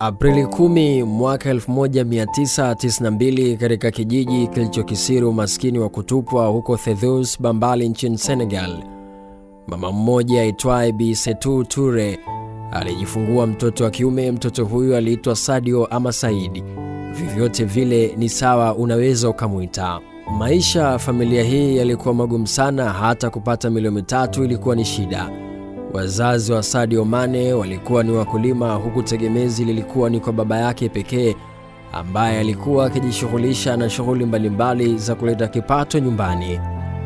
Aprili 10 mwaka 1992 katika kijiji kilichokisiri umaskini wa kutupwa huko Thedhus Bambali nchini Senegal, mama mmoja aitwaye Bi Setu Ture alijifungua mtoto wa kiume. Mtoto huyu aliitwa Sadio ama Saidi, vyovyote vile ni sawa, unaweza ukamwita. Maisha ya familia hii yalikuwa magumu sana, hata kupata milioni tatu ilikuwa ni shida. Wazazi wa Sadio Mane walikuwa ni wakulima, huku tegemezi lilikuwa ni kwa baba yake pekee ambaye alikuwa akijishughulisha na shughuli mbalimbali za kuleta kipato nyumbani.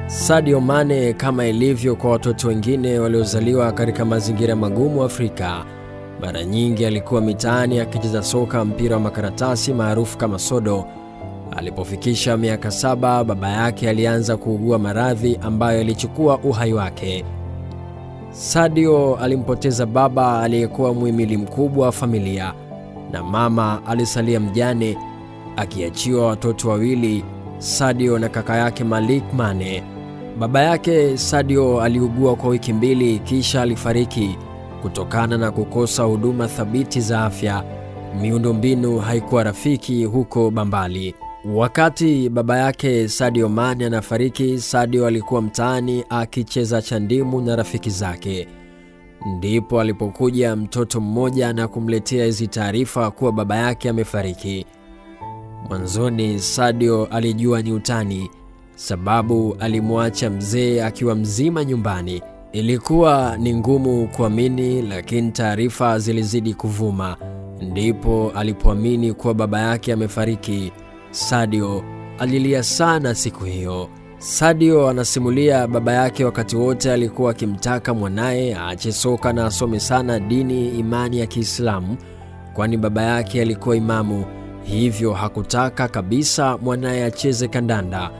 Sadio Mane, kama ilivyo kwa watoto wengine waliozaliwa katika mazingira magumu Afrika, mara nyingi alikuwa mitaani akicheza soka, mpira wa makaratasi maarufu kama sodo. Alipofikisha miaka saba, baba yake alianza kuugua maradhi ambayo yalichukua uhai wake. Sadio alimpoteza baba aliyekuwa muhimili mkubwa wa familia na mama alisalia mjane akiachiwa watoto wawili, Sadio na kaka yake Malik Mane. Baba yake Sadio aliugua kwa wiki mbili kisha alifariki kutokana na kukosa huduma thabiti za afya. Miundombinu haikuwa rafiki huko Bambali. Wakati baba yake Sadio Mane anafariki, Sadio alikuwa mtaani akicheza chandimu na rafiki zake. Ndipo alipokuja mtoto mmoja na kumletea hizi taarifa kuwa baba yake amefariki. Mwanzoni Sadio alijua ni utani, sababu alimwacha mzee akiwa mzima nyumbani. Ilikuwa ni ngumu kuamini, lakini taarifa zilizidi kuvuma. Ndipo alipoamini kuwa baba yake amefariki. Sadio alilia sana siku hiyo. Sadio anasimulia baba yake wakati wote alikuwa akimtaka mwanaye aache soka na asome sana dini imani ya Kiislamu, kwani baba yake alikuwa imamu, hivyo hakutaka kabisa mwanaye acheze kandanda.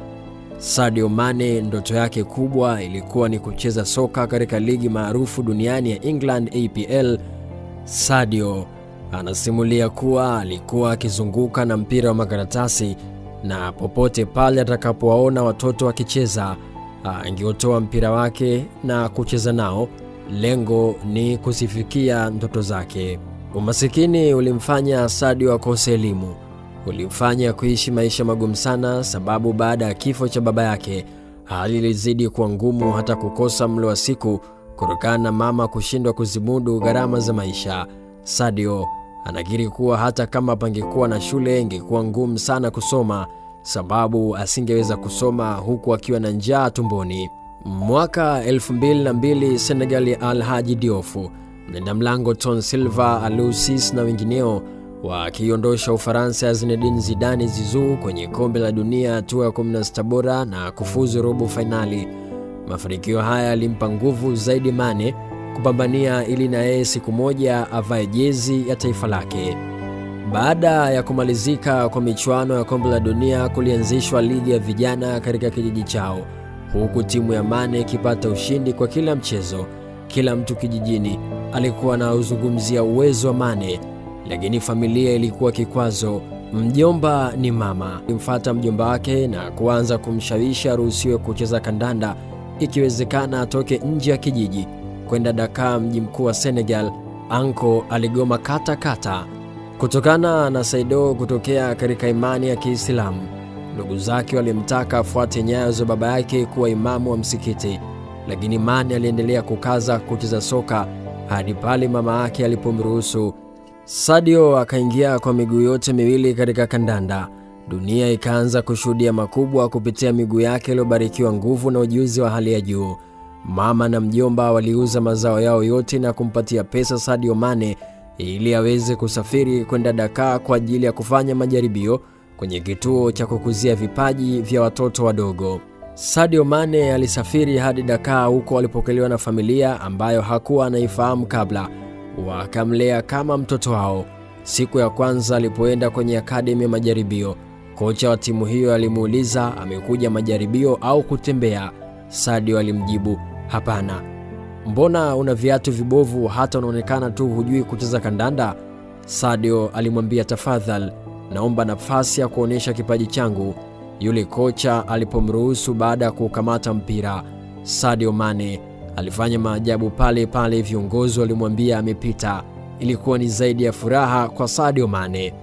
Sadio Mane ndoto yake kubwa ilikuwa ni kucheza soka katika ligi maarufu duniani ya England, apl Sadio Anasimulia kuwa alikuwa akizunguka na mpira wa makaratasi na popote pale atakapowaona watoto wakicheza ah, angeotoa mpira wake na kucheza nao, lengo ni kuzifikia ndoto zake. Umasikini ulimfanya Sadio akose elimu, ulimfanya kuishi maisha magumu sana, sababu baada ya kifo cha baba yake hali ilizidi kuwa ngumu, hata kukosa mlo wa siku kutokana na mama kushindwa kuzimudu gharama za maisha. Sadio Anakiri kuwa hata kama pangekuwa na shule ingekuwa ngumu sana kusoma, sababu asingeweza kusoma huku akiwa na njaa tumboni. Mwaka 2002 Senegal ya Al Hadji Diouf, mlinda mlango Ton Silva, Aliou Cisse na wengineo wakiondosha Ufaransa ya Zinedine Zidane Zizou kwenye kombe la dunia hatua ya 16 bora na kufuzu robo fainali. Mafanikio haya yalimpa nguvu zaidi Mane kupambania ili na yeye siku moja avae jezi ya taifa lake. Baada ya kumalizika kwa michuano ya kombe la dunia, kulianzishwa ligi ya vijana katika kijiji chao, huku timu ya Mane ikipata ushindi kwa kila mchezo. Kila mtu kijijini alikuwa anauzungumzia uwezo wa Mane, lakini familia ilikuwa kikwazo. Mjomba ni mama alimfuata mjomba wake na kuanza kumshawishi aruhusiwe kucheza kandanda, ikiwezekana atoke nje ya kijiji kwenda Dakar, mji mkuu wa Senegal, Anko aligoma kata kata kutokana na Saido kutokea katika imani ya Kiislamu. Ndugu zake walimtaka afuate nyayo za baba yake kuwa imamu wa msikiti, lakini mani aliendelea kukaza kucheza soka hadi pale mama yake alipomruhusu. Sadio akaingia kwa miguu yote miwili katika kandanda. Dunia ikaanza kushuhudia makubwa kupitia miguu yake iliyobarikiwa nguvu na ujuzi wa hali ya juu. Mama na mjomba waliuza mazao yao yote na kumpatia pesa Sadio Mane ili aweze kusafiri kwenda Dakar kwa ajili ya kufanya majaribio kwenye kituo cha kukuzia vipaji vya watoto wadogo. Sadio Mane alisafiri hadi Dakar huko alipokelewa na familia ambayo hakuwa anaifahamu kabla, wakamlea kama mtoto wao. Siku ya kwanza alipoenda kwenye akademi ya majaribio, kocha wa timu hiyo alimuuliza amekuja majaribio au kutembea? Sadio alimjibu Hapana, mbona una viatu vibovu hata unaonekana tu hujui kucheza kandanda? Sadio alimwambia. Tafadhali naomba nafasi ya kuonyesha kipaji changu, yule kocha alipomruhusu baada ya kukamata mpira. Sadio Mane alifanya maajabu pale pale viongozi walimwambia amepita. Ilikuwa ni zaidi ya furaha kwa Sadio Mane.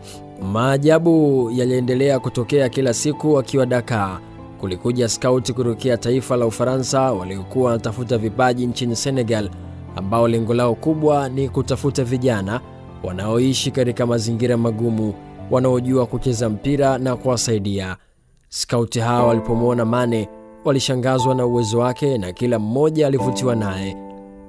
Maajabu yaliendelea kutokea kila siku akiwa Dakar kulikuja skauti kutokea taifa la Ufaransa waliokuwa wanatafuta vipaji nchini Senegal, ambao lengo lao kubwa ni kutafuta vijana wanaoishi katika mazingira magumu wanaojua kucheza mpira na kuwasaidia. Skauti hao walipomwona Mane walishangazwa na uwezo wake na kila mmoja alivutiwa naye.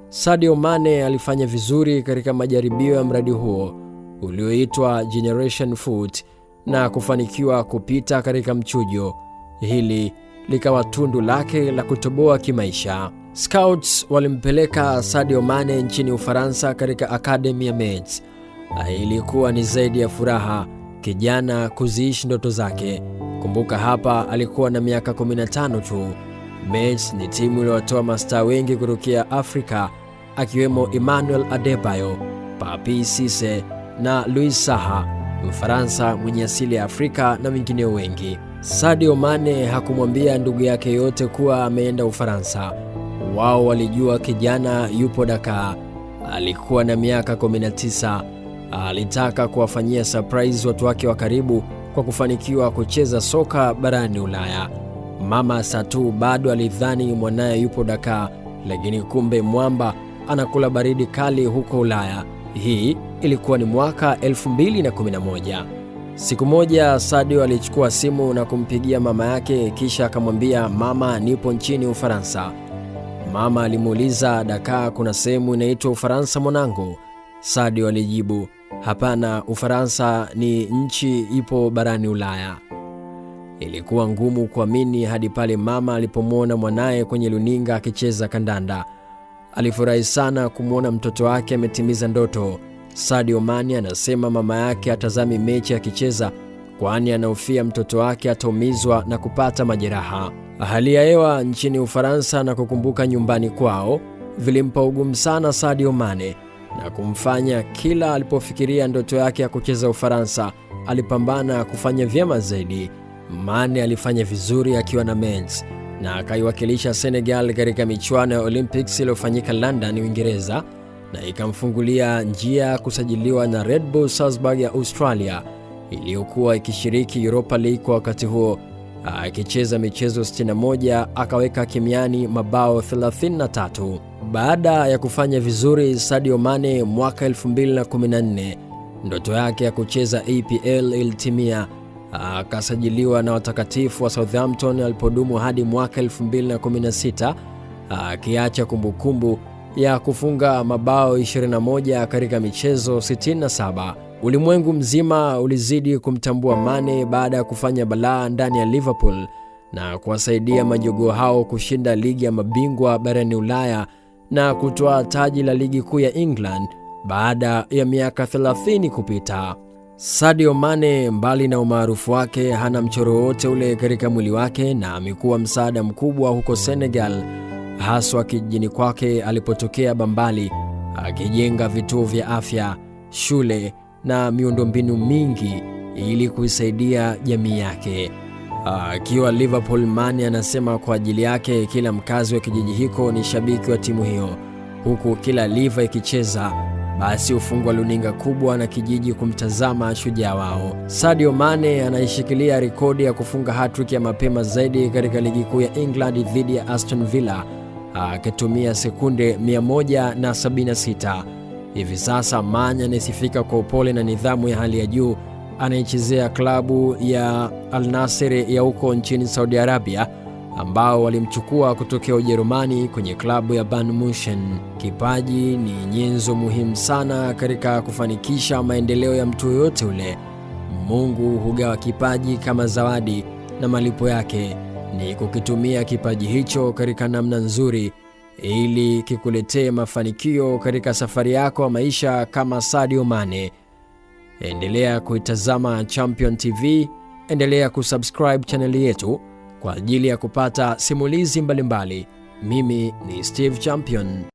Sadio Mane alifanya vizuri katika majaribio ya mradi huo ulioitwa Generation Foot na kufanikiwa kupita katika mchujo hili likawa tundu lake la kutoboa kimaisha. Scouts walimpeleka Sadio Mane nchini Ufaransa katika akademi ya mets ah, Ilikuwa ni zaidi ya furaha kijana kuziishi ndoto zake. Kumbuka hapa alikuwa na miaka 15 tu. mets ni timu iliyotoa mastaa wengi kutokea Afrika akiwemo Emmanuel Adebayo, Papi sise na Louis Saha, Mfaransa mwenye asili ya Afrika na wengineo wengi. Sadio Mane hakumwambia ndugu yake yote kuwa ameenda Ufaransa. Wao walijua kijana yupo Dakar, alikuwa na miaka 19. Alitaka kuwafanyia surprise watu wake wa karibu kwa kufanikiwa kucheza soka barani Ulaya. Mama Satu bado alidhani mwanaye yupo Dakar, lakini kumbe mwamba anakula baridi kali huko Ulaya. Hii ilikuwa ni mwaka 2011. Siku moja Sadio alichukua simu na kumpigia mama yake, kisha akamwambia, mama, nipo nchini Ufaransa. Mama alimuuliza, Dakar kuna sehemu inaitwa Ufaransa mwanangu? Sadio alijibu, hapana, Ufaransa ni nchi ipo barani Ulaya. Ilikuwa ngumu kuamini hadi pale mama alipomwona mwanaye kwenye luninga akicheza kandanda. Alifurahi sana kumwona mtoto wake ametimiza ndoto. Sadio Mane anasema mama yake atazami mechi akicheza kwani anahofia mtoto wake ataumizwa na kupata majeraha. Hali ya hewa nchini Ufaransa na kukumbuka nyumbani kwao vilimpa ugumu sana Sadio Mane na kumfanya kila alipofikiria ndoto yake ya kucheza Ufaransa alipambana kufanya vyema zaidi. Mane alifanya vizuri akiwa na mens na akaiwakilisha Senegal katika michuano ya Olympics iliyofanyika London, Uingereza na ikamfungulia njia kusajiliwa na Red Bull Salzburg ya Australia iliyokuwa ikishiriki Europa League kwa wakati huo, akicheza michezo 61 akaweka kimiani mabao 33. Baada ya kufanya vizuri Sadio Mane mwaka 2014, ndoto yake ya kucheza EPL ilitimia, akasajiliwa na watakatifu wa Southampton alipodumu hadi mwaka 2016 akiacha kumbukumbu ya kufunga mabao 21 katika michezo 67. Ulimwengu mzima ulizidi kumtambua Mane baada ya kufanya balaa ndani ya Liverpool na kuwasaidia majogoo hao kushinda ligi ya mabingwa barani Ulaya na kutoa taji la ligi kuu ya England baada ya miaka 30 kupita. Sadio Mane mbali na umaarufu wake hana mchoro wote ule katika mwili wake na amekuwa msaada mkubwa huko Senegal haswa kijijini kwake alipotokea Bambali, akijenga vituo vya afya, shule na miundombinu mingi ili kuisaidia jamii yake. Akiwa Liverpool, Mane anasema kwa ajili yake kila mkazi wa kijiji hiko ni shabiki wa timu hiyo, huku kila liva ikicheza basi hufungwa luninga kubwa na kijiji kumtazama shujaa wao. Sadio Mane anaishikilia rekodi ya kufunga hatrick ya mapema zaidi katika ligi kuu ya England dhidi ya Aston Villa akitumia sekunde 176. Hivi sasa Manya anayesifika kwa upole na nidhamu ya hali ya juu anayechezea klabu ya Al Nassr ya huko nchini Saudi Arabia ambao walimchukua kutokea Ujerumani kwenye klabu ya Bayern Munich. Kipaji ni nyenzo muhimu sana katika kufanikisha maendeleo ya mtu yoyote ule. Mungu hugawa kipaji kama zawadi na malipo yake ni kukitumia kipaji hicho katika namna nzuri ili kikuletee mafanikio katika safari yako ya maisha kama Sadio Mane. Endelea kuitazama Champion TV, endelea kusubscribe chaneli yetu kwa ajili ya kupata simulizi mbalimbali mbali. Mimi ni Steve Champion.